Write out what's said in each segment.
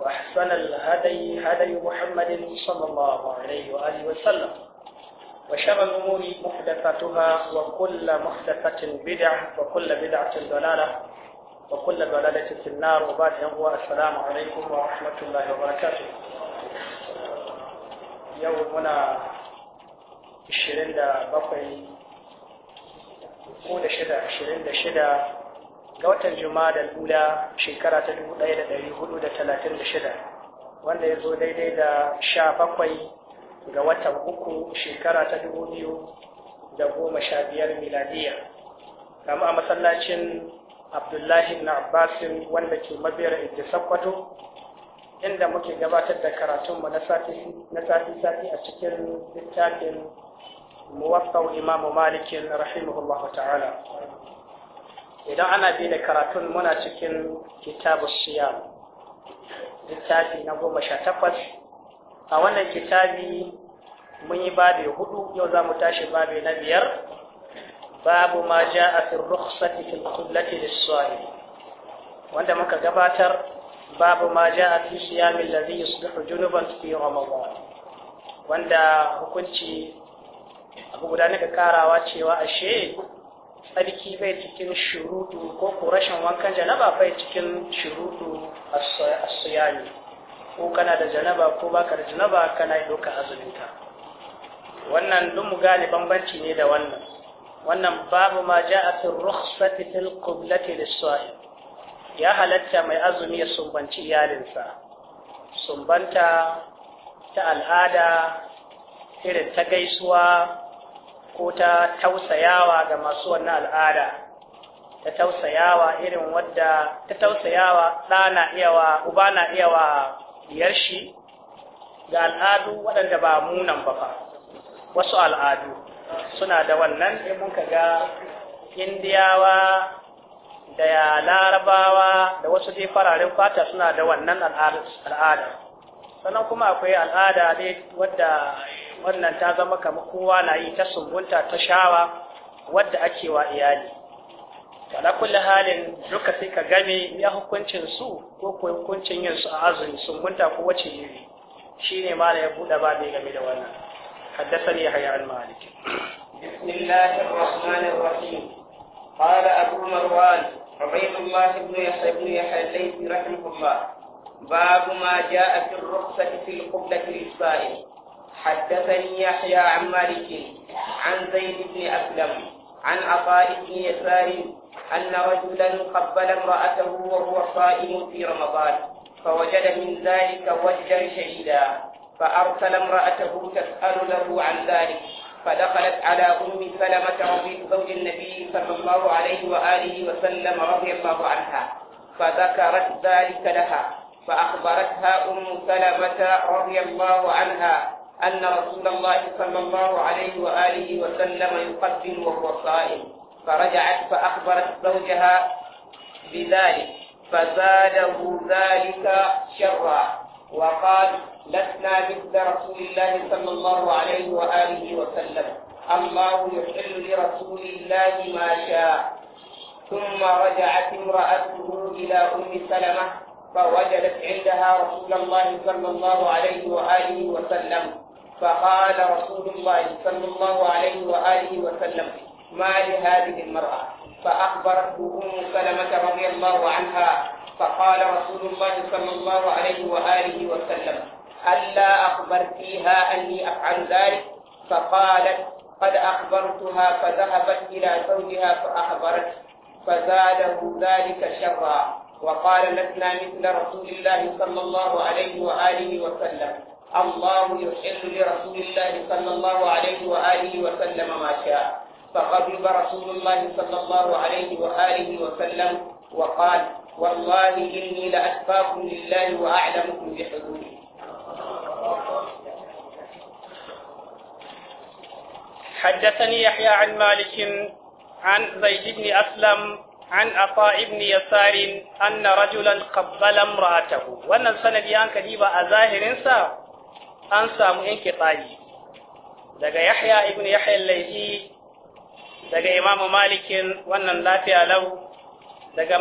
وأحسن الهدي هدي محمد صلى الله عليه وآله وسلم وشر الأمور محدثاتها وكل محدثة بدعة وكل بدعة ضلالة وكل ضلالة في النار وبعد هو السلام عليكم ورحمة الله وبركاته يومنا الشرندة بقي كل شدة الشرين شدة ga watan da ula shekara ta 1436 wanda ya zo daidai da 17 ga watan uku shekara ta 2015 miladiya kama a masallacin abdullahi na abbasin wanda ke mabiyar inda sakwato inda muke gabatar da karatunmu na sati-sati a cikin littafin muwafa'u imamu malikin rahimahullahu ta'ala idan ana bi da karatun muna cikin kitabu siya littafi na goma sha takwas a wannan kitabi mun yi babe hudu yau za mu tashi babe na biyar babu ma ja a fi rukhsati fil qullati lis-sa'il wanda muka gabatar babu ma ja a fi siyamil ladhi yusbihu junuban fi ramadan wanda hukunci abu guda ne ka karawa cewa ashe tsarki bai cikin shurudu ko ko rashin wankan janaba bai cikin a asiyani ko kana da janaba ko baka da janaba kana yi doka azuminta? wannan duk mu gane bambanci ne da wannan wannan babu ma ja a fi rukhsati fil qiblati lis-sa'im ya halatta mai azumi ya sumbanci iyalinsa sumbanta ta al'ada irin ta gaisuwa ko ta tausayawa ga masu wannan al'ada ta tausayawa irin wadda ta tausayawa ɗa na iyawa uba na iyawa diyar shi ga al'adu waɗanda ba munan ba fa wasu al'adu suna da wannan in muka ga indiyawa da larabawa da wasu dai fararen fata suna da wannan al'ada sannan kuma akwai al'ada dai wadda wannan ta zama kamar kowa na yi ta sumbunta ta shawa wadda ake wa iyali ala kulli halin duka sai ka game ya hukuncin su ko ko hukuncin yin su a azumi sumbunta ko wace iri shine mala ya buɗe ba bai game da wannan haddathani yahya al-malik bismillahir rahmanir rahim qala abu marwan عبيد الله بن يحيى بن يحيى الليثي رحمه الله باب ما جاء في الرخصة في القبلة للسائل حدثني يحيى عن مالك عن زيد بن أسلم عن عطاء بن يسار أن رجلا قبل امرأته وهو صائم في رمضان فوجد من ذلك وجدا شديدا فأرسل امرأته تسأل له عن ذلك فدخلت على أم سلمة رضي زوج النبي صلى الله عليه وآله وسلم رضي الله عنها فذكرت ذلك لها فأخبرتها أم سلمة رضي الله عنها أن رسول الله صلى الله عليه وآله وسلم يقدم وهو صائم فرجعت فأخبرت زوجها بذلك فزاده ذلك شرا وقال لسنا مثل رسول الله صلى الله عليه وآله وسلم الله يحل لرسول الله ما شاء ثم رجعت امرأته إلى أم سلمة فوجدت عندها رسول الله صلى الله عليه وآله وسلم فقال رسول الله صلى الله عليه وآله وسلم ما لهذه المرأة فأخبرته أم سلمة رضي الله عنها فقال رسول الله صلى الله عليه وآله وسلم ألا أخبرتيها أني أفعل ذلك فقالت قد أخبرتها فذهبت إلى زوجها فأخبرته فزاده ذلك شرا وقال لسنا مثل رسول الله صلى الله عليه وآله وسلم الله يحل لرسول الله صلى الله عليه وآله وسلم ما شاء فغضب رسول الله صلى الله عليه وآله وسلم وقال والله إني لأشفاكم لله وأعلمكم بحدوده حدثني يحيى عن مالك عن زيد بن أسلم عن عطاء بن يسار أن رجلا قبل امرأته وأن السند يانك ديبا أظاهر إنسان an samu yanke tsayi daga yahya ibn yahya laifi daga imamu malikin wannan lafiya lau daga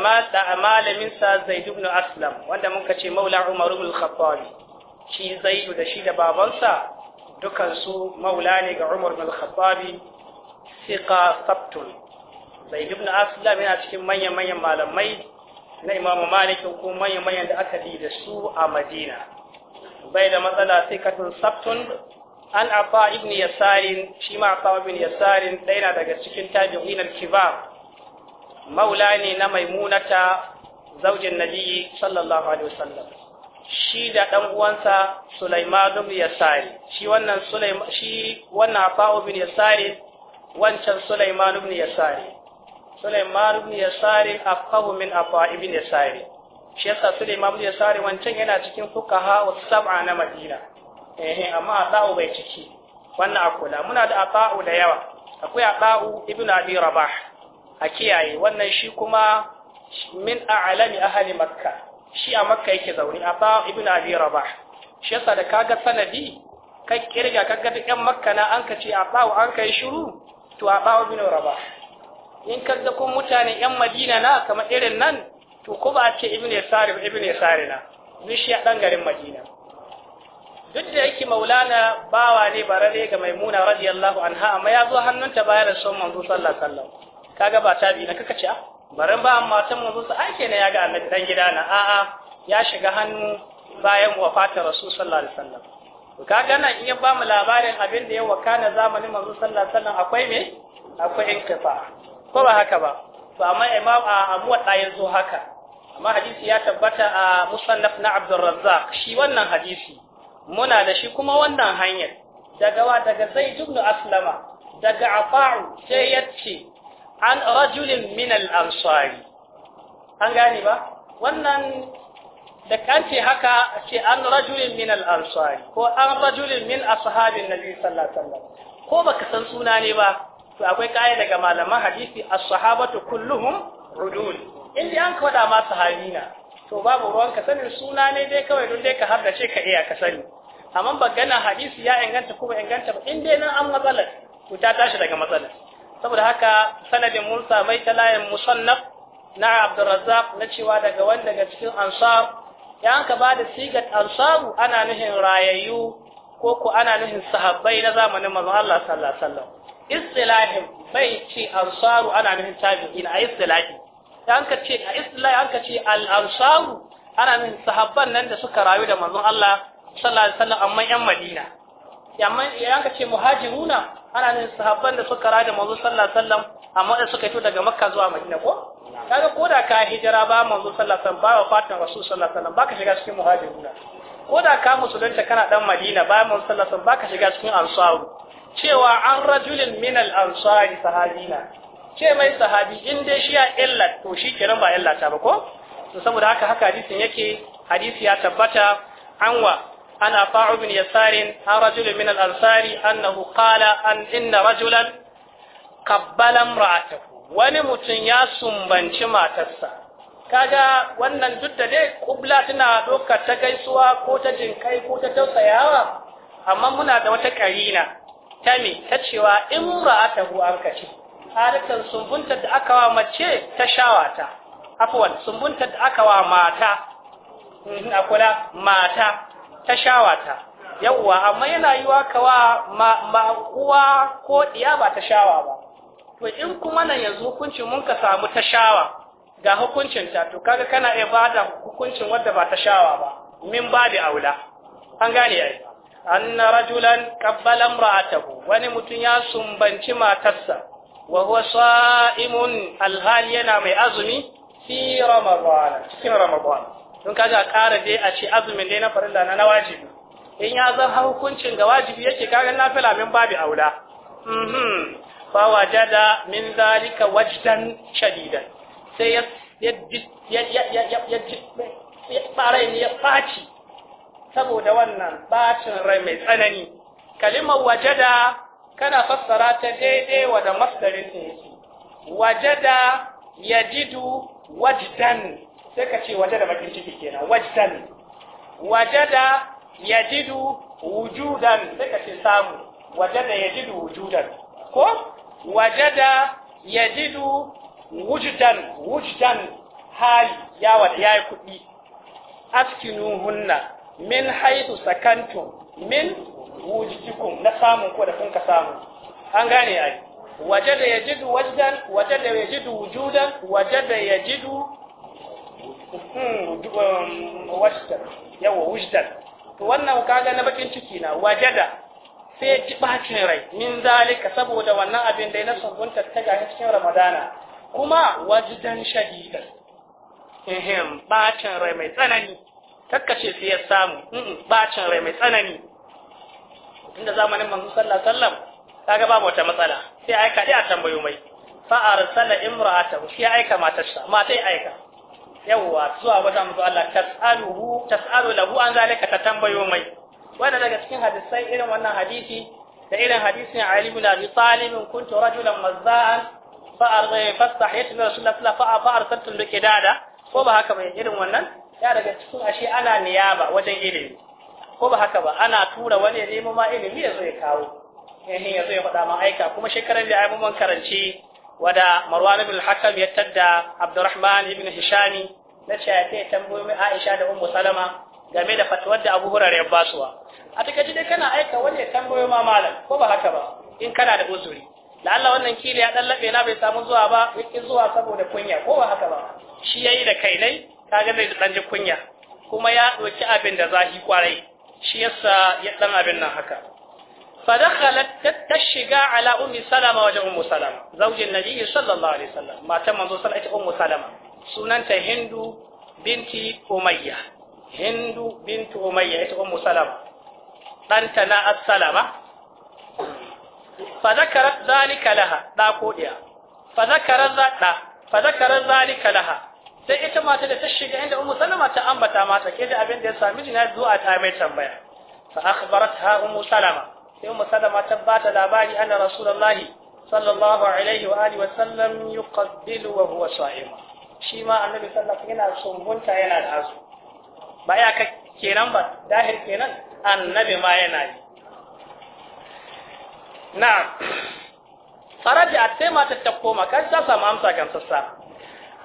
malaminsa zaid ibn aslam wanda muka ce maula umar ibn khattabi shi zaidu da shi da babansa dukansu maula ne ga umar ibn khattabi siqa sabtun zaid ibn aslam yana cikin manyan manyan malamai na imamu malikin ko manyan manyan da aka bi da su a madina bai da matsala sai katin sabtun an afa ibn yasarin shi ma afa ibn yasarin ɗaya na daga cikin tabi'in al-kibar maula ne na maimunata zaujin nabiyyi sallallahu alaihi wasallam shi da dan uwansa Sulaiman ibn Yasari shi wannan Sulaiman shi wannan Afa ibn Yasari wancan Sulaiman ibn Yasari Sulaiman ibn Yasari afahu min Afa ibn Yasari shi yasa Sulaiman bin Yasari wancan yana cikin fuqaha wa sab'a na Madina eh amma Ata'u bai ciki wannan akula muna da Ata'u da yawa akwai Ata'u ibn Abi Rabah a kiyaye wannan shi kuma min a'lami ahli Makka shi a Makka yake zaune Ata'u ibn Abi Rabah shi yasa da kaga sanadi kai kirga kaga da yan Makka na an kace Ata'u an kai shiru to Ata'u ibn Rabah in kaga kun mutane yan Madina na kamar irin nan to ko ba a ce ibn yasari ibn yasari na duk shi dan garin madina duk da yake maulana bawa ne barare ga maimuna radiyallahu anha amma ya zo hannunta bayar da son manzo sallallahu alaihi wasallam kaga ba bi na kaka ce a ah, baran ba amma ta manzo sa ake ne ya ga annabi dan gida na a a ya shiga hannu bayan wafatar rasul sallallahu alaihi wasallam to kaga nan in ya ba mu labarin abin da ya wakana zamanin manzo sallallahu alaihi wasallam akwai me akwai inkifa ko ba haka ba to amma imam a muwadda ya zo haka amma hadisi ya tabbata a musannaf na abdurrazzaq shi wannan hadisi muna da shi kuma wannan hanyar daga wa daga zaid ibn aslama daga afa'u sai yace an rajulin min al-ansari an gane ba wannan da kance haka ce an rajulin min al-ansari ko an rajulin min ashabin nabi sallallahu alaihi wasallam ko baka san suna ne ba to akwai kai daga malaman hadisi as-sahabatu kulluhum rujul in an ka ma sahabina to babu ruwan ka sanin suna ne dai kawai don dai ka ce ka iya ka sani amma bagana hadisi ya inganta kuma inganta in dai nan an matsalar to ta tashi daga matsala saboda haka sanadin mursa mai ta layin musannaf na Abdurrazzaq na cewa daga wanda daga cikin ansar ya ka ba da sigar ansaru ana nuhin rayayyu ko ko ana nuhin sahabbai na zamanin manzon Allah sallallahu alaihi wasallam istilahin bai ce ansaru ana nufin tabi'in a istilahi an ka ce a istilahi an ka ce al ansaru ana nufin sahabban nan da suka rayu da manzon Allah sallallahu alaihi wasallam amma yan Madina amma an ka ce muhajiruna ana nufin sahabban da suka rayu da manzon sallallahu alaihi wasallam amma da suka fito daga Makka zuwa Madina ko kaga koda ka hijira ba manzon sallallahu alaihi wasallam ba fatan rasul sallallahu alaihi wasallam baka shiga cikin muhajiruna koda ka musulunta kana dan Madina ba manzon sallallahu alaihi wasallam baka shiga cikin ansaru cewa an rajulin min al sahabi sahabina ce mai sahabi in dai shi ya illa to shi nan ba illa ta ba ko to saboda haka haka hadisin yake hadisi ya tabbata anwa ana fa'u bin yasarin an rajulin min al-ansari annahu qala an inna rajulan qabbala imra'atahu wani mutum ya sumbanci matarsa kaga wannan duk da dai kubla tana dokar ta gaisuwa ko ta jinkai ko ta tausayawa amma muna da wata karina ta ta cewa in hu an kace harikan sumbunta da aka wa mace ta shawata afwan sumbunta da aka wa mata a kula mata ta shawata yawa amma yana yiwa wa ma uwa ko diya ba ta shawa ba to in kuma nan yanzu hukuncin mun ka samu ta shawa ga hukuncin ta to kaga kana ibada hukuncin wanda ba ta shawa ba min da aula an gane yayi أن رجلا قبل امرأته ونمت ياسم بنتما تسا وهو صائم الهال ينام أزمي في رمضان في رمضان don kaji a ƙara dai a ce azumin dai na farilla na wajibi in ya zan har hukuncin ga wajibi yake kagan nafila min babu aula fa wajada min zalika wajdan shadidan sai ya ya ya ya ya saboda wannan bacin rai mai tsanani kalimar wajada kana fassara ta daidai wa da masdarin yake wajada yajidu wajdan sai ka ce wajada bakin ciki kenan wajdan wajada yajidu wujudan sai ka ce samu wajada yajidu wujudan ko wajada yajidu wujdan wujdan hali ya wada yayi askinu hunna min haitu sakantu min wujitikum na samun ko da kun ka samu an gane ai wajada yajidu wajdan wajada yajidu wujudan wajada yajidu hmm, wajdan yawa wujdan to wannan kaga na bakin ciki na wajada sai ji bacin rai min zalika saboda wannan abin da na gunta ta gashi cikin ramadana kuma wajdan shadidan ehem bacin rai mai tsanani kakkace sai ya samu bacin rai mai tsanani Inda zamanin manzo sallallahu alaihi wasallam kaga babu wata matsala sai aika dai a tambayo mai fa arsala imra'atahu sai aika sa matai aika yawa zuwa wajen manzo Allah tas'aluhu tas'alu lahu an zalika ta tambayo mai wanda daga cikin hadisai irin wannan hadisi da irin hadisin Ali ibn Abi Talib kuntu rajulan mazza'an fa arsaltu rasulullah fa arsaltu likidada ko ba haka mai irin wannan ya daga cikin ashe ana niyaba wajen ilimi ko ba haka ba ana tura wani nemo ma ilimi ya zo ya kawo eh ya zo ya faɗa ma aika kuma shekarar da ayi mun karanci wada Marwan ibn al-Hakam ya tadda Abdurrahman ibn Hishami na ce ya kai tambayoyi mai Aisha da Ummu Salama game da fatuwar da Abu Hurairah ya basuwa a ji dai kana aika wani tambayoyi ma malam ko ba haka ba in kana da uzuri la'alla wannan kila ya dan na bai samu zuwa ba yake zuwa saboda kunya ko ba haka ba shi yayi da kainai. kaga zai dan ji kunya kuma ya doki abin da zahi kwarai shi yasa ya dan abin nan haka fadakhalat tashiga ala ummi salama wajen ummu salama zaujin nabi sallallahu alaihi wasallam matan manzo sallallahu alaihi ummu salama sunanta hindu binti umayya hindu binti umayya ita ummu salama danta na as-salama fadakarat zalika laha da ko diya fadakarat da fadakarat zalika laha sai ita mata da ta shiga inda ummu salama ta ambata mata ke da abin da ya sami jina zuwa ta mai tambaya fa ha ummu salama sai ummu salama ta bata labari anna rasulullahi sallallahu alaihi wa alihi wa sallam yuqabbilu wa huwa sa'im shi ma annabi sallallahu alaihi yana sumbunta yana da azu ba ya ka kenan ba dahir kenan annabi ma yana yi na faraja sai mata ta koma kan ta samu amsa gamsassa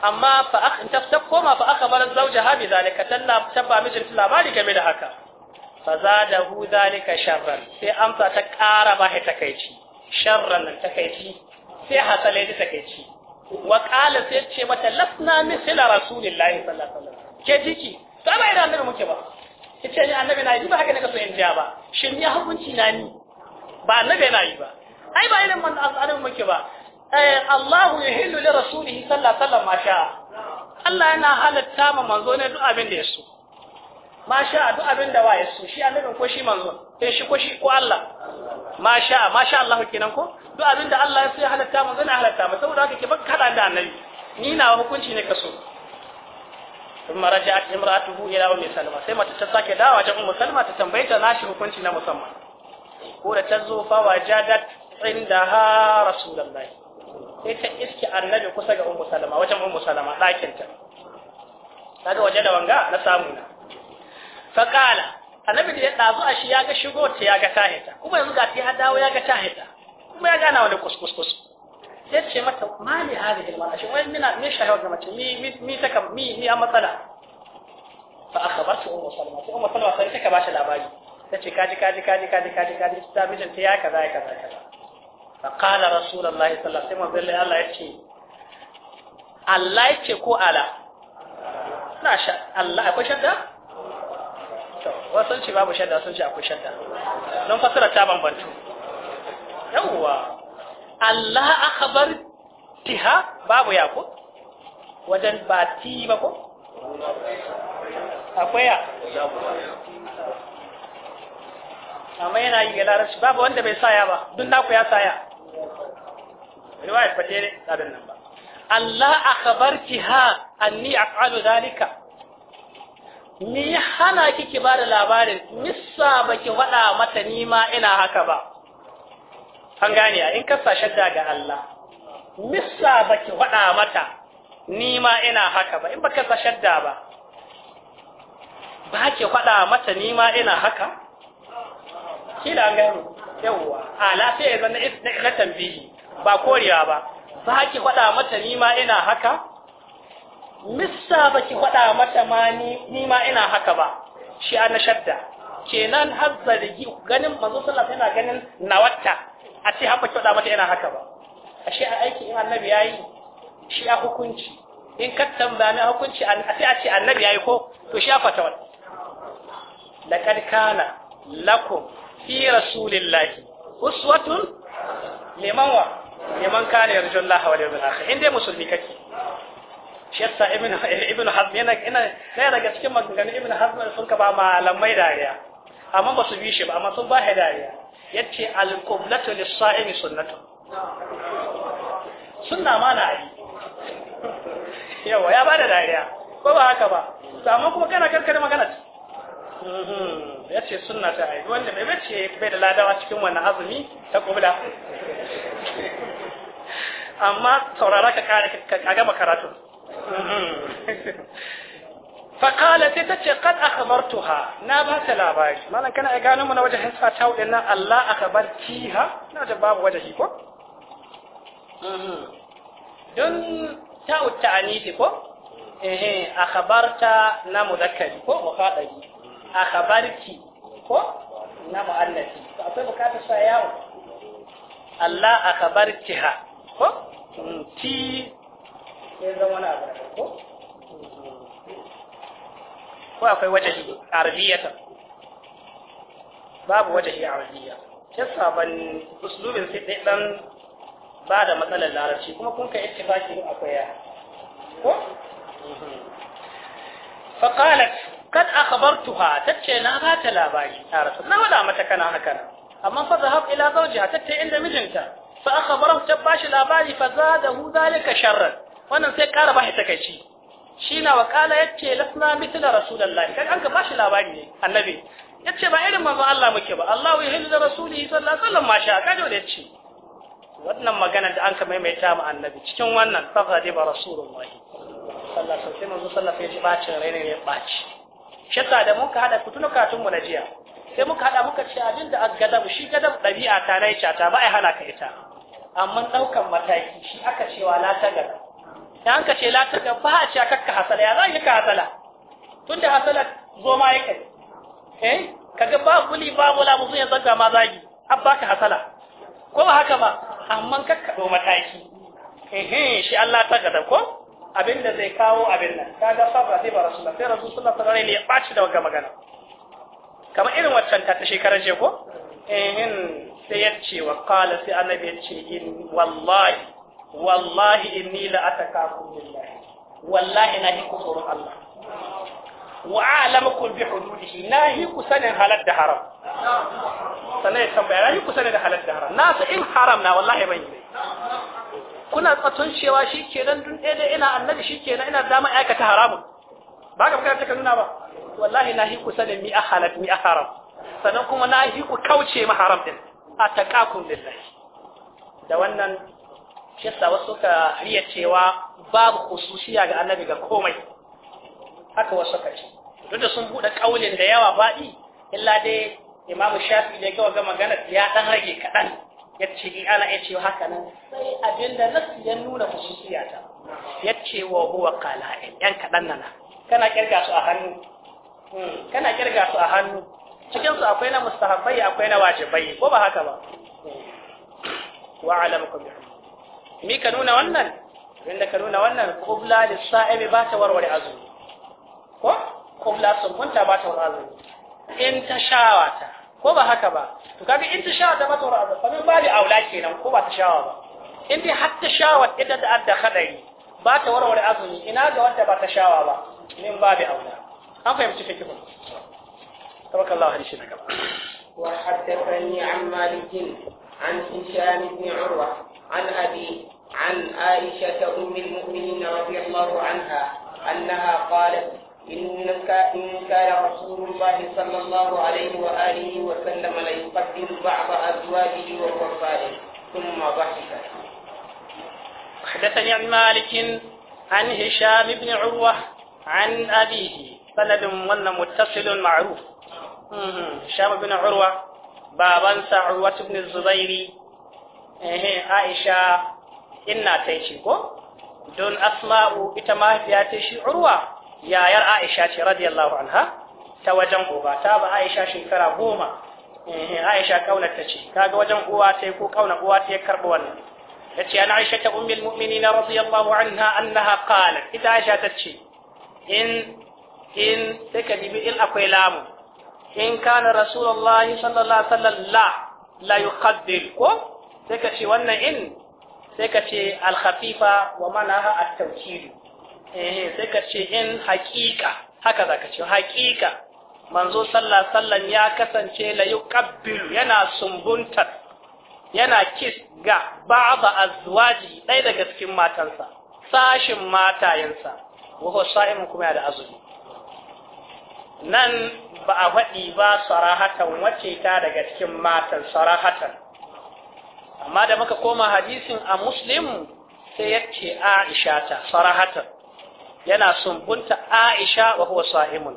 amma fa aka ta koma fa aka bar zauja ha bi zalika talla tabba mijin labari game da haka fa hu zalika sharran sai amsa ta ƙara ba ta kaici sharran nan kaici sai hasale ta kaici wa qala sai ce mata lasna misla rasulillahi sallallahu alaihi wasallam ke jiki to ba ina annabi muke ba ce ni annabi na yi ba haka ka so in ja ba shin ya hukunci na ni ba annabi na yi ba ai ba irin man azarin muke ba Eh, Allah ya hillu li rasulihi sallallahu alaihi wasallam Allah yana halatta ma manzo ne duk abin da ya masha Allah duk abin da wa ya shi annabin ko shi manzo sai eh, shi ko shi ko Allah masha masha Allah kenan ko duk abin da Allah ya so ya halatta manzo ne halatta ma saboda haka ke baka da annabi ni na hukunci ne kaso ثم رجعت امراته ila ummi سلمة sai mata ta sake dawa ta ummi salma ta tambaye ta nashi hukunci na musamman ko da ta zo fa wajadat indaha rasulullahi sai ta iske annabi kusa ga ummu salama wajen ummu salama ɗakin ta daga waje da wanga na samu na fa qala annabi da ya dazu a shi ya ga shigo ta ya ga tahita kuma yanzu ga ta ya dawo ya ga tahita kuma ya gana wani kuskus kus sai ce mata ma ne hadhihi almar'a shi wani mina me shahawar da mace mi mi ta kam mi mi a matsala fa akhbartu ummu salama sai ummu salama sai ta ka shi labari sai ce kaji kaji kaji kaji kaji kaji ta mijin ta ya kaza ya kaza kaza فقال rasulallah الله صلى الله عليه وسلم بالله الله يتي الله يتي كو على لا شك الله ce babu shadda sun ce akwai shadda don fasara ta bambantu yawwa Allah akhbar tiha babu yaku? wajen ba ti ba ko akwai ya amma yana yi ga larabci babu wanda bai saya ba duk naku ya saya riwaya fa dai tsadan nan ba Allah akhbartiha anni af'alu zalika ni hana kiki ba da labarin ba baki wada mata ni ma ina haka ba an gane in ka sa shadda ga Allah ba baki wada mata ni ma ina haka ba in baka sa shadda ba ba ki faɗa mata ni ma ina haka kila gano yawwa ala sai ya zanna na tambihi ba korewa ba za ki faɗa mata nima ina haka Mista ba ki faɗa mata ma nima ina haka ba shi an shadda kenan har zargi ganin manzo sallallahu alaihi wasallam yana ganin nawatta a ce haka ba ki faɗa mata ina haka ba a a aiki in annabi yayi shi a hukunci in ka tambaya mai hukunci a sai a ce annabi yayi ko to shi a fatawa laqad kana lakum fi rasulillahi uswatun liman wa liman kana yarju Allah wal yawmil akhir inda musulmi kake shi yasa ibn ibn hazm yana ina sai daga cikin maganganun sun ka ba malamai dariya amma ba su bi shi ba amma sun ba dariya yace al qiblatu lis sa'imi sunnatu sunna ma na yi yawa ya bada dariya ko ba haka ba amma kuma kana karkare magana ya ce sunna ta aiki wanda bai bace bai da ladawa cikin wannan azumi ta kubla amma saurara ka kare gama karatu faƙala sai ta ce kad na ba ta labari malam kana ai gano na wajen ta nan Allah na da babu wajen ko don ta utta ko eh akhbarta na mudakkari ko mukhadabi akhbarki ko na mu'annafi to akwai bukatar sa yawo Allah ha, ko ti sai zama na abu ko ko akwai wata arabiyatan babu wata arabiyya yasa ban uslubin sai dai dan ba da matsalar larabci kuma kun ka ittifaki akwai ya ko فقالت kad akhbartuha tace na ba ta labari ta rasul na wada mata kana haka amma fa zahab ila zawjiha tace inda mijinta fa akhbarahu ta bashi labari fa zadahu zalika sharran wannan sai kara bashi takaici shina wa kala yace lasna mithla rasulullahi kai an ka bashi labari ne annabi yace ba irin manzo Allah muke ba Allahu yahillu da rasulihi sallallahu da yace wannan magana da an ka maimaita ma annabi cikin wannan faqadi ba rasulullahi sallallahu alaihi wasallam sai manzo sallallahu alaihi wasallam ya ji bacin rai ne ya baci shi da muka hada ku tuna katun mu na jiya sai muka hada muka ce abin da agadab shi gadab dabi'a ta nai ta ba ai hana ka ita amma daukan mataki shi aka cewa la tagar dan aka ce la tagar ba a ce kakka hasala ya zai ka hasala tunda hasala zo ma yake eh kaga ba kuli ba wala sun ya zaka ma zagi abba ka hasala ko ba haka ba amma kakka do mataki eh eh shi Allah ta gada ko abin da zai kawo abin nan kaga sabra sai ba rasulullah sai rasulullah sallallahu alaihi wasallam ya baci da wannan magana kamar irin waccan ta shekara ce ko in sai ya ce wa qala sai annabi ya ce in wallahi wallahi inni la atakakum billahi wallahi na hiku tsoron Allah wa a'lamukum bi hududihi na hiku sanin halal da haram sanai tambaya na hiku sanin da halal da haram na sa in haram na wallahi ban yi kuna tsaton cewa shi nan dun ɗaya dai ina annabi shi nan ina dama aikata haramun ba ka fuka ka nuna ba wallahi na hiku sanin mi ahalat mi haram sannan kuma na hiku kauce ma haram din a taqakum lillahi da wannan shi yasa wasu ka riya cewa babu khususiya ga annabi ga komai haka wasu ka ce duk da sun buɗe kaulin da yawa baɗi illa dai imamu shafi da ga magana ya dan rage kaɗan yace eh, ana yace haka nan sai abinda nasu ya nuna khususiyya ta Ya ce wa huwa qala'in yan kadan nan kana kirga su a hannu hmm, kana kirga su a hannu cikin su akwai na mustahabbai akwai na wajibai ko ba haka ba hmm. wa alamukum bi mi ka nuna wannan inda ka nuna wannan qubla lis-sa'imi ba ta warware azumi ko qubla sun kunta ba ta warware azumi in ta shawata ko ba haka ba to kaga in ta sha da mata ra'aza fa min da aula kenan ko ba ta sha ba in dai har ta wa idan da adda khadai ba ta warware azumi ina ga wanda ba ta sha wa ba min da aula an fahimci ko tabarakallahu hadisi na gaba wa haddathani an malik an hisham ibn urwa an abi an aisha ummul mu'minin radiyallahu anha annaha qalat إنك إن كان رسول الله صلى الله عليه وآله وسلم ليقدم بعض أزواجه وهو صالح ثم ضحك حدثني عن مالك عن هشام بن عروة عن أبيه سند ون متصل معروف هشام بن عروة بابنسى عروة بن الزبير عائشة إنا تيشي ko don asma'u ita mahaifiya ta shi urwa yayar Aisha ce radiyallahu anha ta wajen uba ta ba Aisha shekara goma eh, Aisha kaunar ta ce kaga wajen uwa ta ko kauna uwa ta ya karbi wannan ce an Aisha ta ummul mu'minin radiyallahu anha annaha qalat ita Aisha ta ce in in take dibi in akwai lamu in kana rasulullahi sallallahu alaihi wasallam la la yuqaddil ko sai ka ce wannan in sai ka ce al-khafifa wa manaha at-tawkid eh sai ka ce in haƙiƙa haka za ka ce haƙiƙa manzo sallah sallan ya kasance la yuqabbilu yana sumbuntar yana kiss ga ba'da azwaji ɗaya daga cikin matansa sashin matayensa wa sa'im kuma da azumi nan ba a faɗi ba sarahatan wace ta daga cikin matan sarahatan amma da muka koma hadisin a muslim sai ya aisha ta sarahatan yana sumbunta Aisha wa huwa sa'imun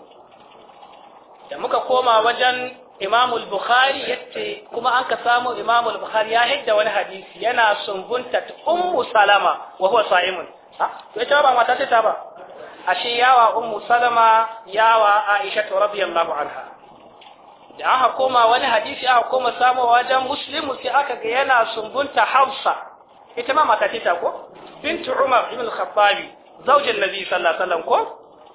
da muka koma wajen Imam bukhari yace kuma aka samu Imam bukhari ya hidda wani hadisi yana sumbunta Ummu Salama wa huwa sa'imun ha to ita ba mata ta ba ashe yawa Ummu Salama yawa Aisha radiyallahu anha da aka koma wani hadisi aka koma samu wajen Muslimu sai aka ga yana sumbunta Hafsa ita ma mata ta ko bintu Umar ibn al-Khattabi zaujin nabi sallallahu alaihi wasallam ko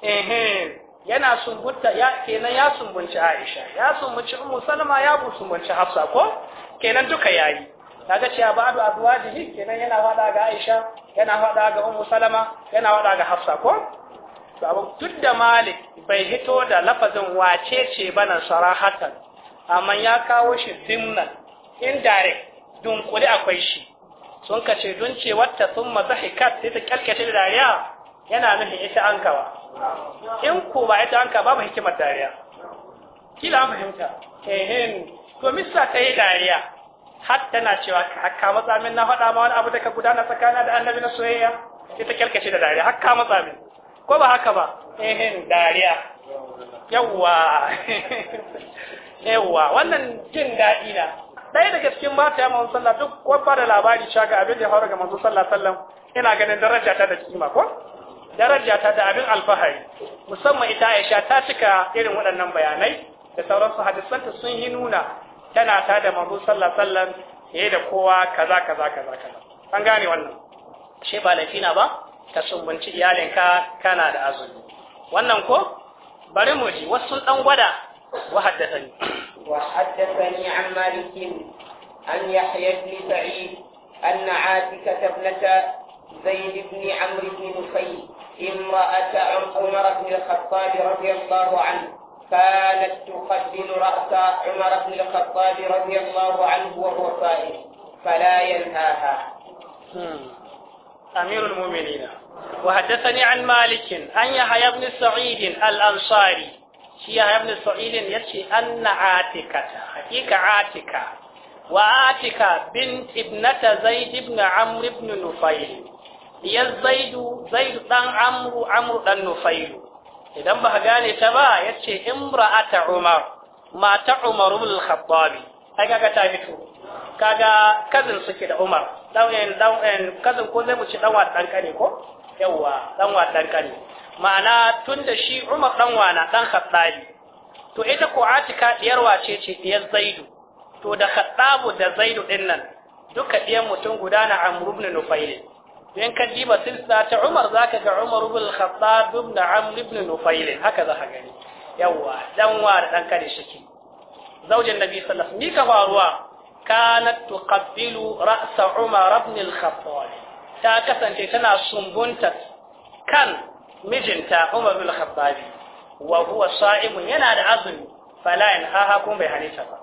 eh yana sumbunta ya kenan ya sumbunci Aisha ya sumbunci Ummu Salma ya bu sumbunci Hafsa ko kenan duka yayi kaga cewa ba'du azwajihi kenan yana fada ga Aisha yana fada ga Ummu Salma yana fada ga Hafsa ko to abu duk da Malik bai hito da lafazin wace ce bana sarahatan amma ya kawo shi dimnan indirect dunkule akwai shi sun kace don ce wata sun mazahikat sai ta kalkace da dariya yana nufin ita an kawa in ko ba ita an ba babu hikimar dariya kila an fahimta ehem to misa ta yi dariya har tana cewa ka matsa matsamin na faɗa ma wani abu da ka gudana tsakana da annabi na soyayya sai ta kyalkace da dariya har matsa min ko ba haka ba ehem dariya yawwa yawwa wannan jin daɗi na ɗaya daga cikin mata ya manzon sallah duk wani ba da labari shaga abin da ya faru ga manzon sallah sallam ina ganin daraja ta da kima ko daraja ta da abin alfahari musamman ita Aisha ta cika irin waɗannan bayanai da sauransu hadisanta sun yi nuna tana ta da manzo sallallahu sallam yayi da kowa kaza kaza kaza kaza an gane wannan shi ba laifi na ba ka sumbunci iyalinka kana da azumi wannan ko bari mu ji wasu dan gwada wa haddathani wa haddathani an malikin an yahya ibn sa'id أن عاتكة ابنة زيد بن عمرو بن نفيل امرأة عمر بن الخطاب رضي الله عنه كانت تقدم رأس عمر بن الخطاب رضي الله عنه وهو صائم فلا ينهاها أمير المؤمنين وحدثني عن مالك أن يحيى بن سعيد الأنصاري شي يحيى بن سعيد يشي أن عاتكة حقيقة عاتكة وعاتكة بنت ابنة زيد بن عمرو بن نفيل ya zaidu zaidu dan amru amru dan nufailu idan ba gane ta ba ya ce imra'ata umar mata umar ibn al-khattabi ai kaga ta fito kaga kazin suke da umar dan dan kazin ko zai mu ci dan wa dan kare ko yawa dan wa dan kare ma'ana tunda shi umar dan wana dan khattabi to ita ko atika diyar wace ce ya zaidu to da khattabu da zaidu din nan duka diyan mutum guda na amru ibn nufail in ka diba silsila ta Umar zaka ga Umar ibn al-Khattab ibn Amr ibn Nufayl haka za ka gani yawa dan wa da dan kare shiki zaujin Nabi sallallahu alaihi wasallam ka faruwa kanat tuqabbilu ra's Umar ibn al-Khattab ta kasance tana sumbunta kan mijinta Umar ibn al-Khattab wa huwa sa'imun yana da azumi fala in haha kun bai hanita ba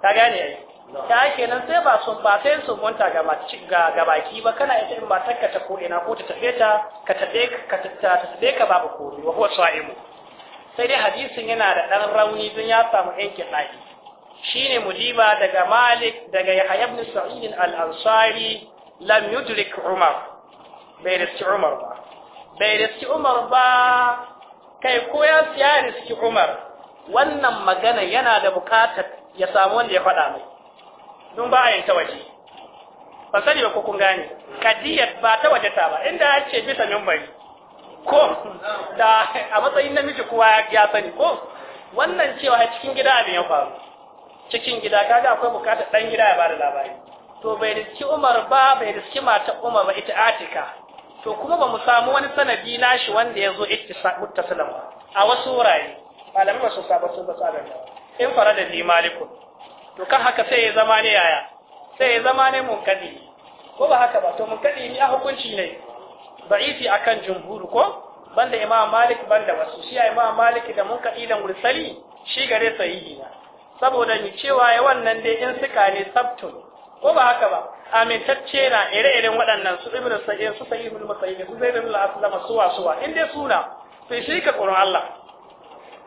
ka gane ai ta nan sai ba sun ba sai sun wanta ga gabaki ba kana ita in ba takkata ko ina ko ta tafe ta ka tafe ka tafe ka babu komai wa huwa sa'imu sai dai hadisin yana da ɗan rauni don ya samu yankin naki shine mudiba daga Malik daga Yahya ibn Sa'id al-Ansari lam yudrik Umar bai riski Umar ba Umar ba kai ko ya riski Umar wannan magana yana da bukatar ya samu wanda ya faɗa mai don ba a yin ta waje ba sani ba ko kun gane kadiyar ba ta waje ta ba inda ya ce bisa mimbari ko da a matsayin namiji kuwa ya sani ko wannan cewa a cikin gida abin ya faru cikin gida kaga akwai bukatar ɗan gida ya bada labari to bai riski Umar ba bai riski matar Umar ba ita Atika to kuma ba mu samu wani sanadi nashi wanda ya zo ita ba a wasu wurare malamai ba su saba su ba in fara da ni malikun to kan haka sai ya zama ne yaya sai ya zama ne munkadi ko ba haka ba to munkadi ni a hukunci ne da'ifi akan jumhur ko banda imam malik banda wasu shi ya imam malik da munkadi da mursali shi gare sahihi na saboda ni cewa ya wannan dai in suka ne sabtun ko ba haka ba amintacce na ire-iren waɗannan su ibnu sa'id su al musayyib su zaid al-aslam suwa suwa in dai suna sai shi ka tsoron Allah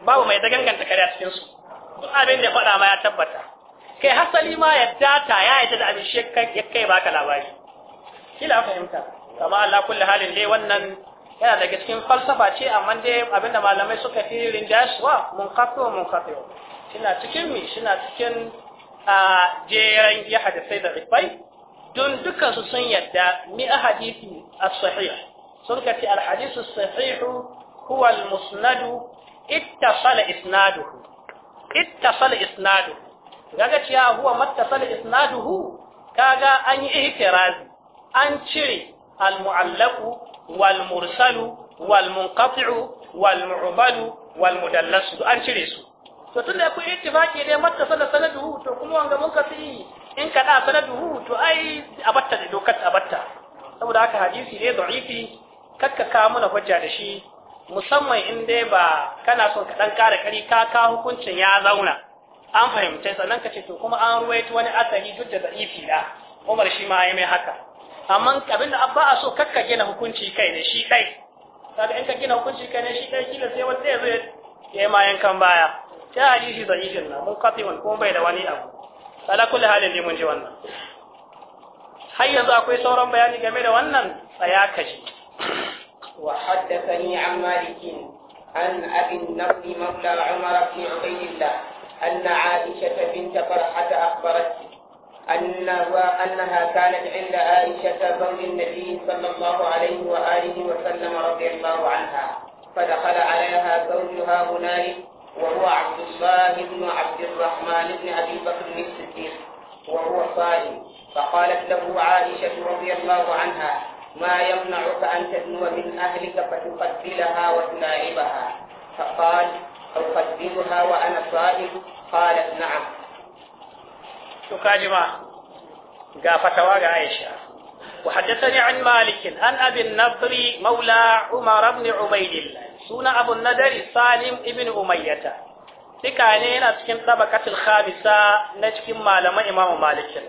babu mai ta ganganta kare a cikin su duk abin da faɗa ma ya tabbata kai hasali ma yadda ta ya ta da abin ya kai baka labari kila fahimta amma Allah kulli halin dai wannan yana daga cikin falsafa ce amma dai abinda malamai suka fi rinjaswa mun kafi wa mun kafi shina cikin mi shina cikin a jeran ya hadisai da rifai don dukkan su sun yadda mi a hadisi as-sahih sun ka ce al-hadisu as-sahih huwa al-musnadu ittasala isnaduhu ittasala isnaduhu gaga ciya huwa mattasal isnaduhu kaga an yi ihtiraz an cire al mu'allaqu wal mursalu wal munqati'u wal mu'badu wal mudallas an cire su to tun da ku ittifaki dai mattasal sanaduhu to kuma wanga mun kasi in kada sanaduhu to ai abatta da dokar abatta saboda haka hadisi ne da'ifi kakka ka muna hujja da shi musamman in dai ba kana son ka dan kara kari ka ka hukuncin ya zauna an fahimta sannan ka ce to kuma an ruwaito wani asali duk da zaifi da. Umar shi ma ya mai haka amma abin da abba a so kakka gina hukunci kai ne shi dai kaga in ka gina hukunci kai ne shi dai kila sai wanda ya zai ya yi ma kan baya ta hadisi zaifin na mun kafi wani kuma bai da wani abu ala kulli halin ne mun ji wannan har yanzu akwai sauran bayani game da wannan tsaya kaji wa haddathani مالك عن an abin مولى عمر umar عبيد الله أن عائشة بنت فرحة أخبرت أنها, أنها كانت عند عائشة زوج النبي صلى الله عليه وآله وسلم رضي الله عنها فدخل عليها زوجها هنالك وهو عبد الله بن عبد الرحمن بن أبي بكر الصديق وهو صائم فقالت له عائشة رضي الله عنها ما يمنعك أن تدنو من أهلك فتقبلها وتنائبها فقال أقدرها وأنا صائم قالت نعم تكاجبا قافة واقع عائشة وحدثني عن مالك عن أبي النضر مولى عمر بن عبيد الله سنة أبو النضر سالم ابن أمية ثقة نينا تكن طبقة الخامسة نجكن مالما إمام مالك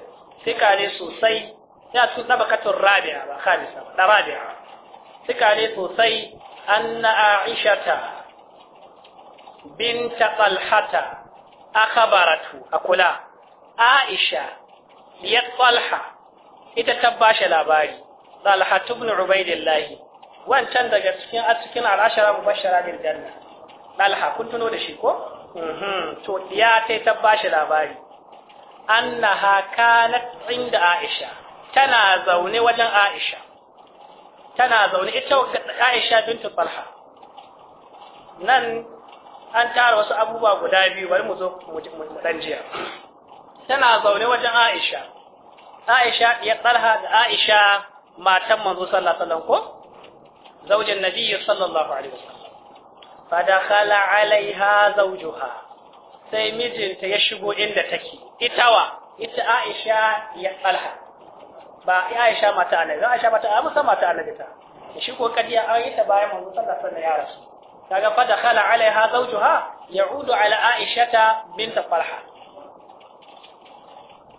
ثقة ني سوسي يا تكن طبقة الرابعة خامسة الرابعة ثقة ني سوسي أن عائشة binta talhata a kula. aisha ya talha ita ta bashi labari talha ibn ubaidillahi wancan daga cikin a cikin al'ashara mubashara bil janna talha kun tuno da shi ko to ya ta ta bashi labari annaha kanat aisha tana zaune wajen aisha tana zaune ita aisha nan an tara wasu abubuwa guda biyu bari mu zo mu dan jiya tana zaune wajen Aisha Aisha ya Talha da Aisha matan manzo sallallahu alaihi wasallam ko zaujin nabiyyi sallallahu alaihi wasallam fa dakhala alaiha zawjuha sai mijinta ya shigo inda take itawa ita Aisha ya Talha ba Aisha mata annabi Aisha mata a musamman mata annabi ta shi ko kadiya an yi ta bayan manzo sallallahu alaihi wasallam ya rasu kaga fa dakhala alaiha zawjuha ya'udu ala aishata binta farha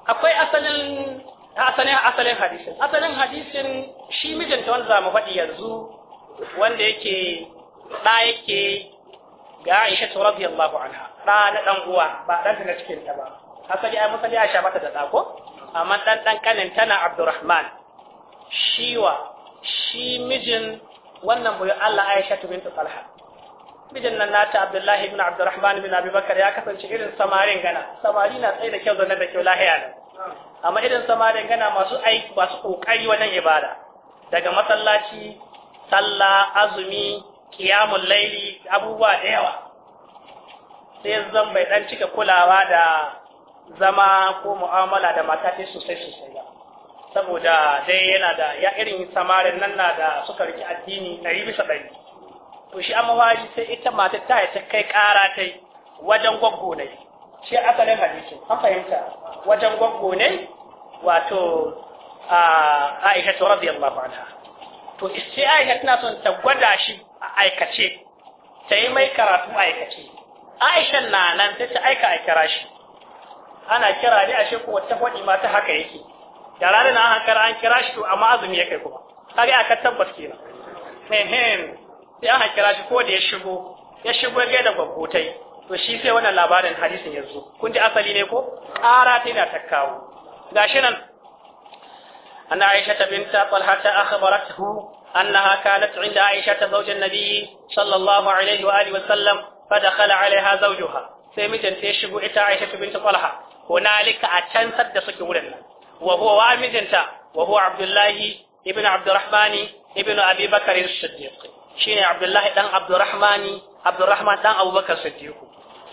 akwai asalin asalin asalin hadisin asalin hadisin shi mijinta wanda zamu faɗi yanzu wanda yake da yake ga Aisha radiyallahu anha da na dan uwa ba dan na cikin ta ba asali ai musali Aisha mata da dako amma dan dan kanin tana Abdurrahman shiwa shi mijin wannan boye Allah Aisha bintu Talha mijin nan nata Abdullahi ibn Abdurrahman ibn Abi Bakar ya kasance irin samarin gana samari na tsaye da kyau zanne da kyau lahiya ne amma irin samarin gana masu aiki masu kokari wajen ibada daga masallaci sallah azumi qiyamul laili abubuwa da yawa sai zan bai dan cika kulawa da zama ko mu'amala da mata ta sosai sosai ba saboda dai yana da ya irin samarin nan na da suka riki addini 100 bisa 100 to shi amfani sai ita matar ta ta kai ƙara ta wajen gwaggo ne shi asalin hadisi an fahimta wajen gwaggo ne wato a Aisha ta radiyallahu anha to sai Aisha tana son ta gwada shi a aikace ta yi mai karatu a aikace Aisha na nan sai ta aika a kira shi ana kira ne a shi wata ta faɗi ma ta haka yake da ranar na an kira an kira shi to amma azumi ya kai kuma kage aka tabbas kenan sai aka kira shi ko da ya shigo ya shigo ya da gwabbotai to shi sai wannan labarin hadisin yanzu, zo asali ne ko ƙara ta yana ta kawo ga shi nan anna aisha ta binta talha ta akhbarathu annaha kanat inda aisha ta zaujin nabi sallallahu alaihi wa wa sallam fa dakhala alaiha zaujuha sai mijinta ya shigo ita aisha binta talha ko nalika a can sad da suke wurin nan wa huwa mijinta wa abdullahi ibn abdurrahman ibn abi bakr as-siddiq shine Abdullahi dan Abdurrahmani Abdurrahman dan Abubakar Siddiq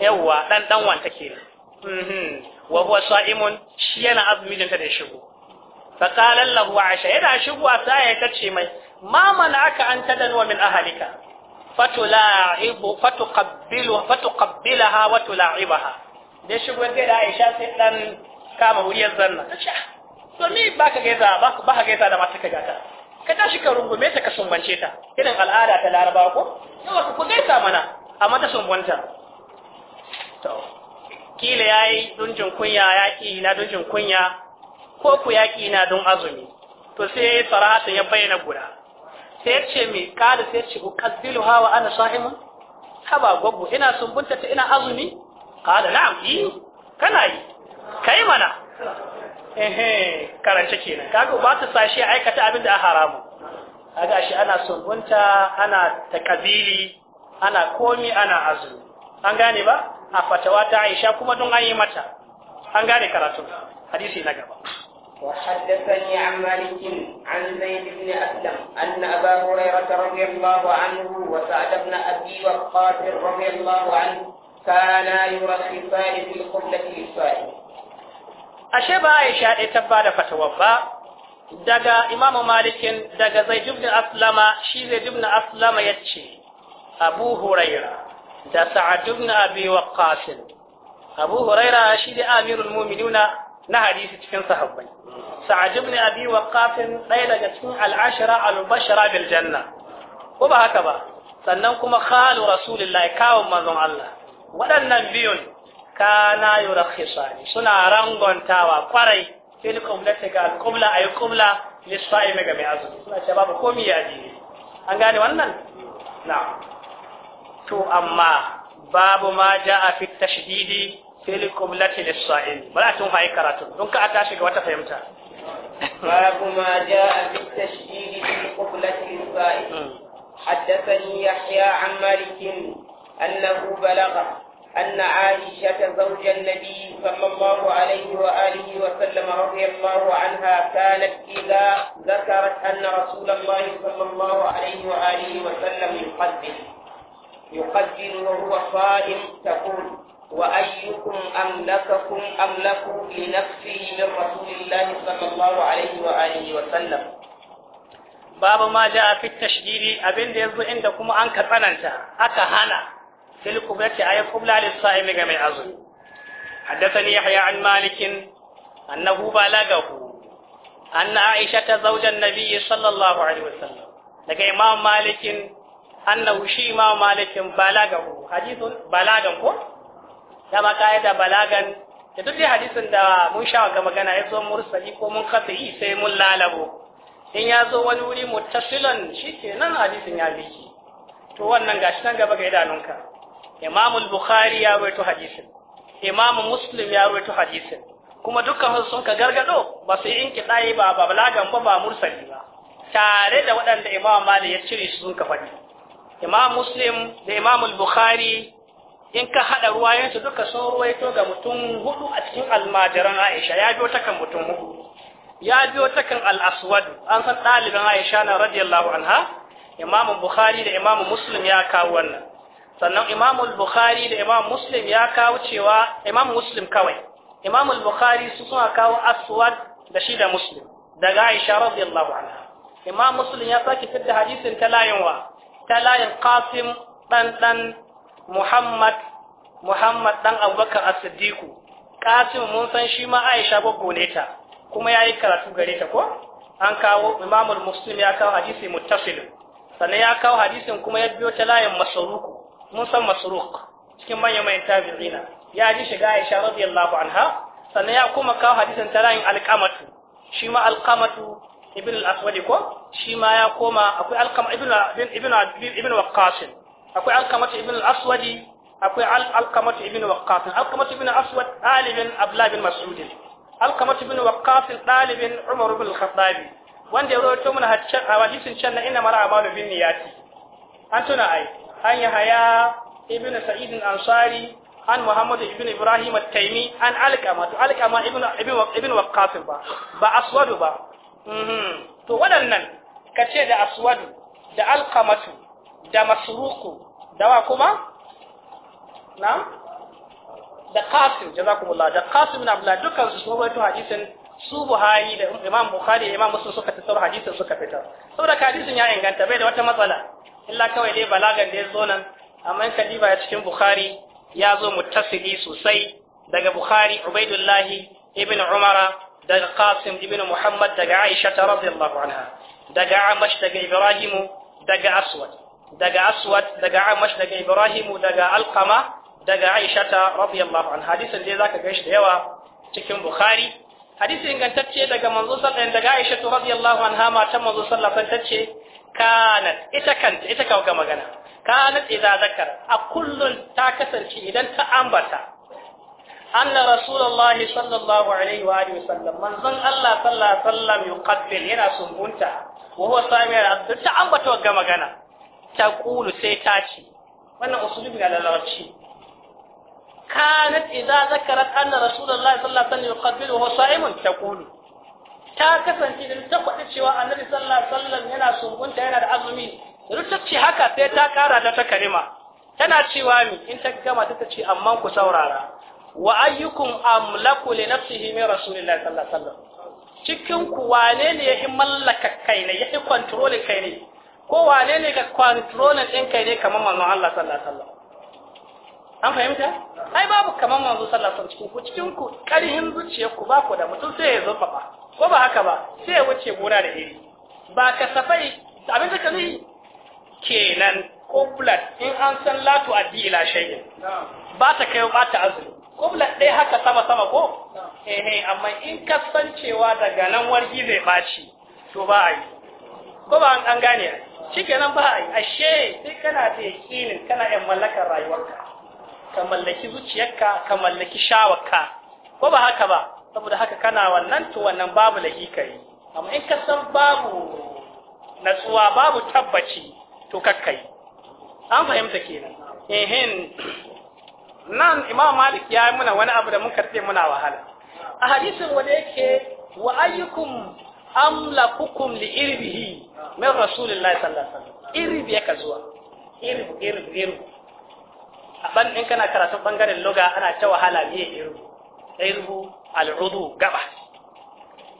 yawa dan dan wanta kenan mhm wa huwa sa'imun shi yana azumi da da shigo fa qala lahu aisha yana shigo ta ya tace mai ma mana'aka an tadanwa min ahlika fatula'ibu fatuqabbilu fatuqabbilaha wa tula'ibaha da shigo ga da aisha sai dan kama wuriyar zanna tace ah, to me baka gaisa baka gaisa da mata kaga ta ka tashi ka rungume ta ka sumbance ta irin al'ada ta laraba ko yawa ku gaisa mana a mata sumbanta to kila yayi dunjin kunya yaki na dunjin kunya ko ku yaki na dun azumi to sai sarahata ya bayyana guda sai ce mi kada sai ce ukazzilu hawa ana sahimun haba gwaggo ina sumbunta ta ina azumi kada na'am yi kana yi kai mana ehe ke kenan kaga ba ta sashi aikata abin da a haramu kaga shi ana sungunta ana takabili ana komi ana azumi an gane ba a fatawa ta Aisha kuma don an yi mata an gane karatu hadisi na gaba وحدثني عن مالك عن زيد بن اسلم ان ابا هريره رضي الله عنه وسعد بن ابي وقاص رضي الله عنه كانا يرخصان في القبله للصائم ashe ba Aisha ɗaya ta bada fatawa ba daga Imam Malikin daga Zaid ibn Aslama shi Zaid ibn Aslama yace Abu Huraira da Sa'ad ibn Abi Waqqas Abu Huraira shi da Amirul Mu'minuna na hadisi cikin sahabbai Sa'ad ibn Abi Waqqas ɗaya daga cikin al-ashara al-bashara bil janna ko ba haka ba sannan kuma khalu rasulillahi kawun manzon Allah waɗannan biyun kana yurakhisani suna rangontawa kwarai fil qumlati ga alqumla kumla qumla lissa'i ga mai azumi suna ce babu komai ya ji an gane wannan na to amma babu ma ja'a fi tashdidi fil qumlati lis-sa'il bala tun fa karatu don ka ta ga wata fahimta babu ma ja'a fi tashdidi fil kumlati lis-sa'il حدثني يحيى عن مالك أنه بلغه أن عائشة زوج النبي صلى الله عليه وآله وسلم رضي الله عنها كانت إذا ذكرت أن رسول الله صلى الله عليه وآله وسلم يقدم يقدم وهو صائم تقول وأيكم أملككم أملك لنفسه من رسول الله صلى الله عليه وآله وسلم باب ما جاء في التشديد أبين يزو عندكم أنك تننسى أكهنا في القبلة آية قبلة للصائم جميع أزل حدثني يحيى عن مالك أنه بلغه أن عائشة زوج النبي صلى الله عليه وسلم لك إمام مالك أنه شي إمام مالك بلغه حديث بلاغا كو كما قاعدة بلاغا da duk dai hadisin da mun sha ga magana ya zo mursali ko mun katsi sai mun lalabo in ya zo wani wuri muttasilan shikenan hadisin ya biki to wannan gashi nan gaba ga idanunka Imam al-Bukhari ya rawaito hadisin Imam Muslim ya rawaito hadisin kuma dukkan sun ka gargado ba su yi inkidayi ba ba balagan ba ba mursali ba tare da waɗanda Imam Malik ya cire su sun ka faɗi Imam Muslim da Imam al-Bukhari in ka hada ruwayensu duka sun rawaito ga mutum hudu a cikin almajiran Aisha ya biyo ta kan mutum hudu ya biyo ta kan al-Aswad an san ɗaliban Aisha na radiyallahu anha Imam Bukhari da Imam Muslim ya kawo wannan sannan imam bukhari da imam muslim ya kawo cewa imam muslim kawai imam bukhari su suna kawo aswad da shi da muslim daga aisha radiyallahu anha imam muslim ya saki fitta hadisin ta layin wa ta layin qasim dan dan muhammad muhammad dan abubakar as-siddiq qasim mun san shi ma aisha goggo ne ta kuma yayi karatu gare ta ko an kawo imam muslim ya kawo hadisi muttasil sannan ya kawo hadisin kuma ya biyo ta layin masaruku mun san masruq cikin manyan manyan tabi'ina ya ji shiga Aisha radiyallahu anha sannan ya kuma kawo hadisin tarayin alqamatu shi ma alqamatu ibn al aswadi ko shi ma ya koma akwai alqama ibn ibn ibn waqqas akwai alqamatu ibn al-aswad akwai alqamatu ibn waqqas alqamatu ibn aswad alibin abdullah bin mas'ud alqamatu ibn waqqas dalibin umar ibn al-khattab wanda ya rawaito mana hadisin can na inna mar'a bin niyati an tuna ai an yahaya ibn sa'id ansari an muhammad ibn ibrahim at an alqama to alqama ibn ibn waqqas ba ba aswadu ba to waɗannan kace da aswadu da alqamatu da masruqu da wa kuma da Qasim jazakumullah da Qasim ibn Abdullah dukkan su sun rawaito hadisin su Buhari da Imam Bukhari da Imam Muslim suka tattauna hadisin suka fitar saboda hadisin ya inganta bai da wata matsala illa kawai dai balagan da ya zo nan amma in kadiba ya cikin bukhari ya zo muttasili sosai daga bukhari ubaidullahi ibn umara daga qasim ibn muhammad daga aisha ta radiyallahu anha daga amash daga ibrahimu daga aswad daga aswad daga amash daga ibrahimu daga alqama daga aisha ta radiyallahu anha hadisin dai zaka gaishe da yawa cikin bukhari hadisi ingantacce daga manzo sallallahu daga aisha radiyallahu anha matan manzo sallallahu alaihi wasallam tace kanat ita kanta ita kawo ga magana kanat idza zakara a kullun ta kasance idan ta ambata anna rasulullahi sallallahu alaihi wa alihi wasallam manzon Allah sallallahu alaihi wasallam yuqabbil yana sumbunta. wa huwa sami'a ta ambata ga magana ta kulu sai ta ce wannan usulubi ga larabci kanat idza zakarat anna rasulullahi sallallahu alaihi wasallam yuqabbilu wa huwa sa'imun ta kulu ta kasance da ta faɗi cewa annabi sallallahu alaihi wasallam yana sungunta yana da azumi da ce haka sai ta kara da ta karima tana cewa ni in ta gama ta ce amma ku saurara wa ayyukum amlaku li nafsihi min rasulillahi sallallahu alaihi wasallam cikin ku wane ne yi mallaka kai ne yi control kai ne ko wane ne ka control din kai ne kamar manzo Allah sallallahu alaihi wasallam an fahimta ai babu kamar manzo sallallahu alaihi wasallam cikin ku cikin ku karihin zuciyar ku ba ku da mutum sai ya ba. ko ba haka ba sai wuce gona da iri ba ka safai abin da ka kazi kenan bulat in an san latu addi ila shay'in ba ta kai ba ta azumi bulat ɗaya haka sama sama ko Ehe eh, amma in kasancewa daga nan wargi zai baci to ba a yi ko ba an gane nan ba a yi ashe sai kana da yakinin kana yan mallakar rayuwarka ka mallaki zuciyarka ka mallaki shawarka ko ba haka ba saboda haka kana wannan to wannan babu lahi yi. amma in ka san babu natsuwa babu tabbaci to kakkai an fahimta kenan ehin nan imam malik ya yi muna wani abu da muka tsaye muna wahala a hadisin wanda yake wa ayyukum amlakukum li irbihi min rasulillahi sallallahu alaihi wasallam irbi yaka zuwa Irbi, irbi, irbi. a ban in kana karatun bangaren loga ana ta wahala biye irbu irbu al'udu gaba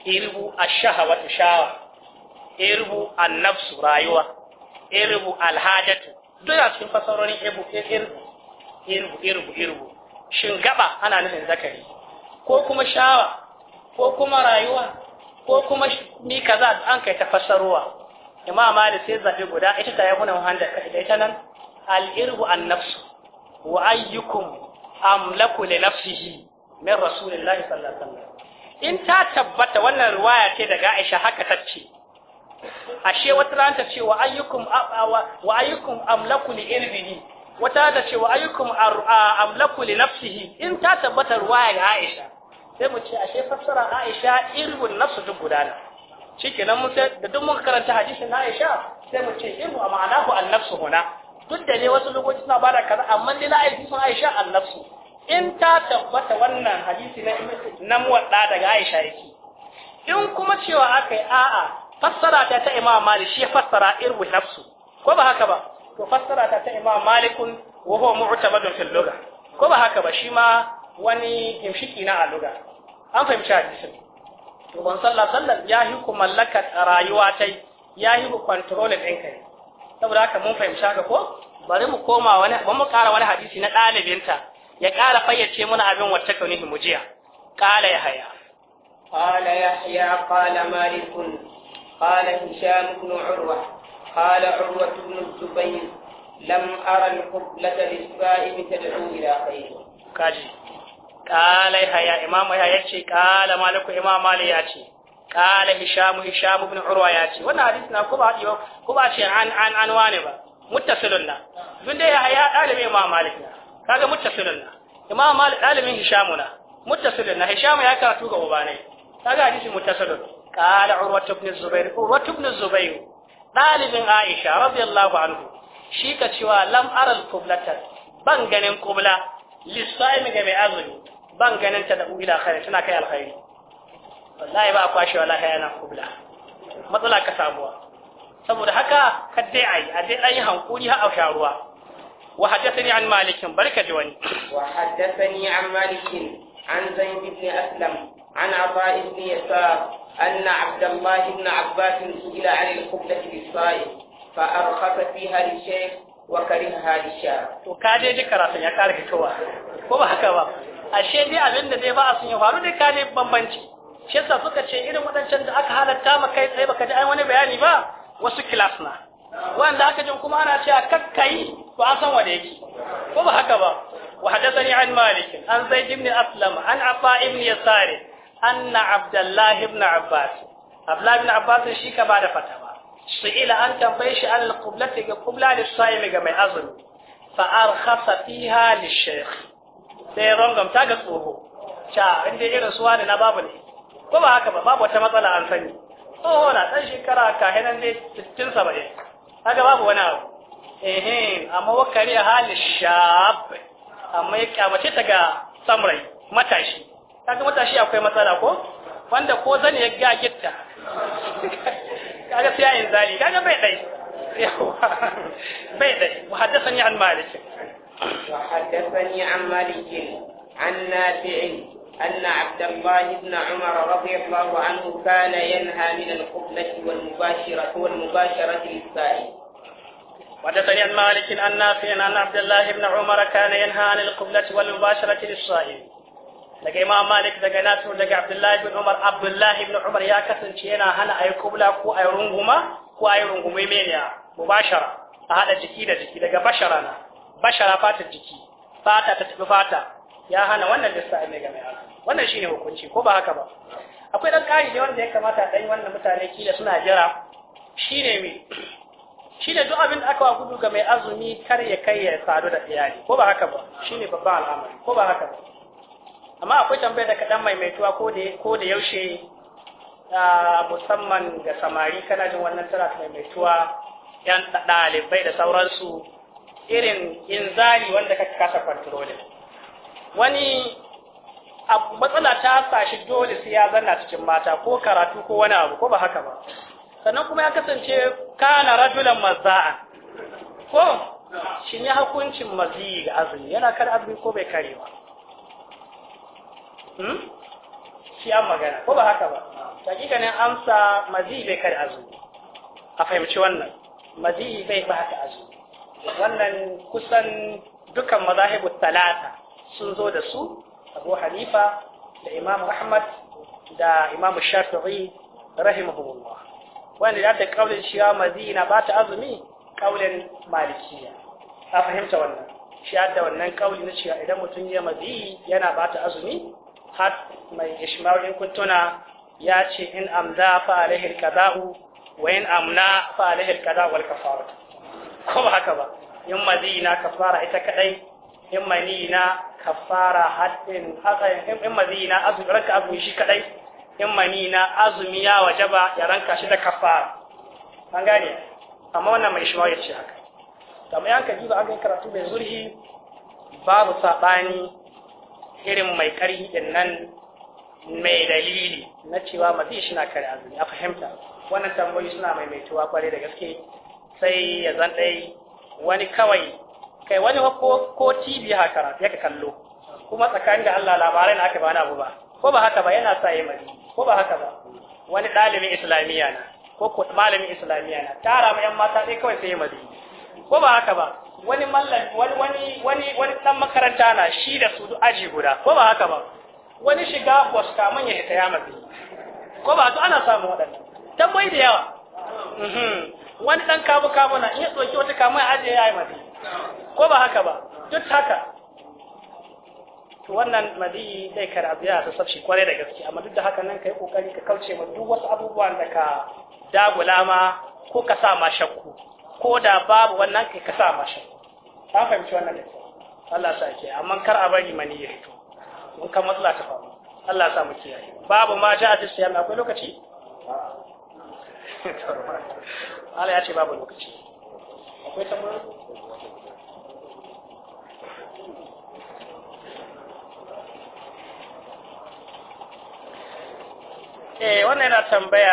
irbu shaha wata shawa irbu a nafsu rayuwa irbu alhajatu duk a cikin fasarorin irbu irbu irbu irbu irbu shin gaba ana nufin zakari ko kuma shawa ko kuma rayuwa ko kuma ni kaza an kai ta fasarowa imam malik sai zabe guda ita ta yabuna wanda da ita nan al-irbu an-nafsu wa ayyukum amlaku li nafsihi min rasulillahi sallallahu alaihi wasallam in ta tabbata wannan riwaya ce daga Aisha haka ta ce ashe wata ranta ce wa ayyukum wa ayyukum amlaku li irbihi wata ta ce wa ayyukum amlaku li nafsihi in ta tabbata riwaya ga Aisha sai mu ce ashe fassara Aisha irbun nafsu duk gudana shikenan mun sai da duk mun karanta hadisin Aisha sai mu ce irbu ma'anahu an-nafsu huna duk da ne wasu lokaci suna bada kaza amma dai na aiki sun Aisha an-nafsu in ta tabbata wannan hadisi na na muwadda daga Aisha yake in kuma cewa akai a'a fassara ta ta Imam Malik shi fassara irwi nafsu ko ba haka ba to fassara ta ta Imam Malik wa huwa mu'tamadun fil lugha ko ba haka ba shi ma wani gimshiki na a an fahimci hadisin to ban sallah sallan ya yi ku mallaka rayuwa tai ya yi ku control din kai saboda haka mun fahimci haka ko bari mu koma wani mu kara wani hadisi na ɗalibinta ya ƙara fayyace mana abin wata kauni da ƙala ya haya ƙala ya haya ƙala malikun ƙala hisham ibn urwa ƙala urwa ibn zubayi lam ara al-qubla ta isba'i bi tad'u ƙala ya haya imamu ya yace ƙala malikun imamu malik ya ce ƙala hisham hisham ibn ya ce wannan hadisi na ko ba ce an an ba muttasilun na dun dai ya haya ɗalibi imamu malik kaga muttasilun na imam malik alimin Hishamuna, na muttasilun na hishamu ya karatu ga ubanai kaga hadisi muttasilun qala urwa ibn zubair urwa ibn zubair dalibin aisha radiyallahu anhu shi ka cewa lam aral qiblatan ban ganin qibla lisa'imi ga mai azumi ban ganin ta da ila khair tana kai alkhairi wallahi ba kwashi wallahi yana qibla matsala ka samuwa saboda haka kaddai ai a dai yi hankuri har a sharuwa وحدثني عن مالك بركة جواني وحدثني عن مالك عن زيد بن أسلم عن عطاء بن يسار أن عبد الله بن عباس سئل عن القبلة بالصائم فأرخص فيها للشيخ وكرهها للشارع وكاجي ذكر أصلا يا كارك توا كما هكذا ashe dai abin da zai ba sun ya faru dai ka ne bambanci shi yasa suka ce irin wadancan da aka halatta maka kai tsaye baka ji ai wani bayani ba wasu kilas na wanda aka jin kuma ana cewa kakkai to an san wanda yake ko ba haka ba wa hadathani an malik an zaid ibn aslam an afa ibn yasar anna abdullah ibn abbas abdullah ibn abbas shi ka ba da fata ba ila an tambaye shi al qiblati ga qibla da sa'im ga mai azumi fa arkhasa fiha lishaykh sai rangam ta ga tsoro cha inda irin suwa da na babu ne ko ba haka ba babu wata matsala an sani tsoho na dan shekara kahinan dai 60 70 kaga babu wani abu eh amma wakari a halin shab amma ya kyamace ta ga samurai matashi kaga matashi akwai matsala ko wanda ko zan ya ga gitta kaga sai ayin zali kaga bai dai bai dai muhaddathani an malik وحدثني an مالك an نافع أن عبد الله بن عمر رضي الله عنه كان ينهى من القبلة والمباشرة والمباشرة للسائل وحدثني عن مالك عن أن عبد الله بن عمر كان ينهى عن القبلة والمباشرة للصائم daga imam malik daga nasu daga abdullahi bin umar abdullahi bin umar ya kasance yana hana a yi kubla ko a runguma ko a yi rungume meniya mubashara a haɗa jiki da jiki daga bashara na bashara fatar jiki fata ta tafi fata ya hana wannan lissafi ne ga mai azumi wannan shine hukunci ko ba haka ba akwai dan ƙari ne wanda ya kamata dan wannan mutane kila suna jira shine me shine duk abin da aka wa gudu ga mai azumi kar ya kai ya sadu da iyali ko ba haka ba shine babban al'amari ko ba haka ba amma akwai tambayar da ɗan maimaituwa ko da ko da yaushe musamman ga samari kana jin wannan tana maimaituwa yan ɗalibai da sauransu irin inzali wanda ka kasa kwantarolin wani matsala ta sashi dole sai ya zanna cikin mata ko karatu ko wani abu ko ba haka ba sannan kuma ya kasance kana rajulan mazaa ko shin ya hukuncin maziyi ga azumi yana kar azumi ko bai kare ba hmm shi an magana ko ba haka ba ne amsa maziyi bai kare azumi a fahimci wannan maziyi bai ba haka azumi wannan kusan dukan mazahibu talata sun zo da su abu hanifa da imam ahmad da imam shafi'i rahimahumullah wanda da ta kaulin cewa madina ba ta azumi kaulin malikiya a fahimta wannan shi da wannan kauli na cewa idan mutum ya mazi yana ba ta azumi har mai ishmael kuntuna ya ce in amza fa alaihi alqada'u wa in amna fa alaihi alqada'u wal kafara ko ba haka ba in mazi na kafara ita kadai in na kafara haddin in mani na azumi ranka azumi shi kadai in na azumi ya wajaba ya ranka shi da kafara an gane amma wannan mai shi ya ce haka kamar yanka jiba an karatu mai zurhi babu sabani irin mai karhi din nan mai dalili na cewa mazi shi na kare azumi a fahimta wannan tambayoyi suna maimaituwa kwarai da gaske sai ya zan dai wani kawai kai wani ko ko TV haka ya ka kallo kuma tsakanin da Allah labarai na aka bana abu ba ko ba haka ba yana sa yi mari ko ba haka ba wani dalibin islamiyya na ko ko malamin islamiyya na tara mu yan mata sai kawai sai yi mari ko ba haka ba wani mallan wani wani wani wani dan makaranta na shi da su duk aji guda ko ba haka ba wani shiga bus ka ya ta ya mari ko ba to ana samu waɗannan tambayi da yawa mhm. wani dan kabu kabu na in ya tsoki wata kamun aje ya yi mari ko ba haka ba duk haka to wannan madiyi zai karabi ya sassafci kwarai da gaske amma duk da haka nan ka yi kokari ka kauce ma duk wasu abubuwan da ka dagula ma ko ka sa ma shakku ko da babu wannan kai ka sa ma shakku ka fahimci wannan da Allah sa ke amma kar a bari mani ya fito mun kan matsala ta faru Allah sa mu kiyaye babu ma ja'a ta siyam akwai lokaci Allah ya ce babu lokaci akwai tambayoyi eh wannan yana tambaya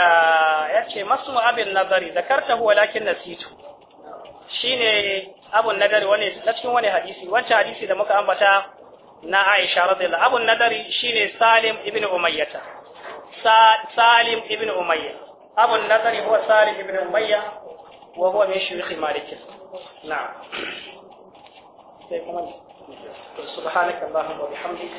ya ce masu abin nazari zakarta huwa lakin nasitu shine abun nazari wani na cikin wani hadisi wancan hadisi da muka ambata na Aisha radiyallahu abun nazari shine Salim ibn Umayyah Salim ibn Umayyah abun nazari huwa Salim ibn Umayyah wa huwa min shuyukh Malik na'am sai kuma subhanakallahumma wa bihamdika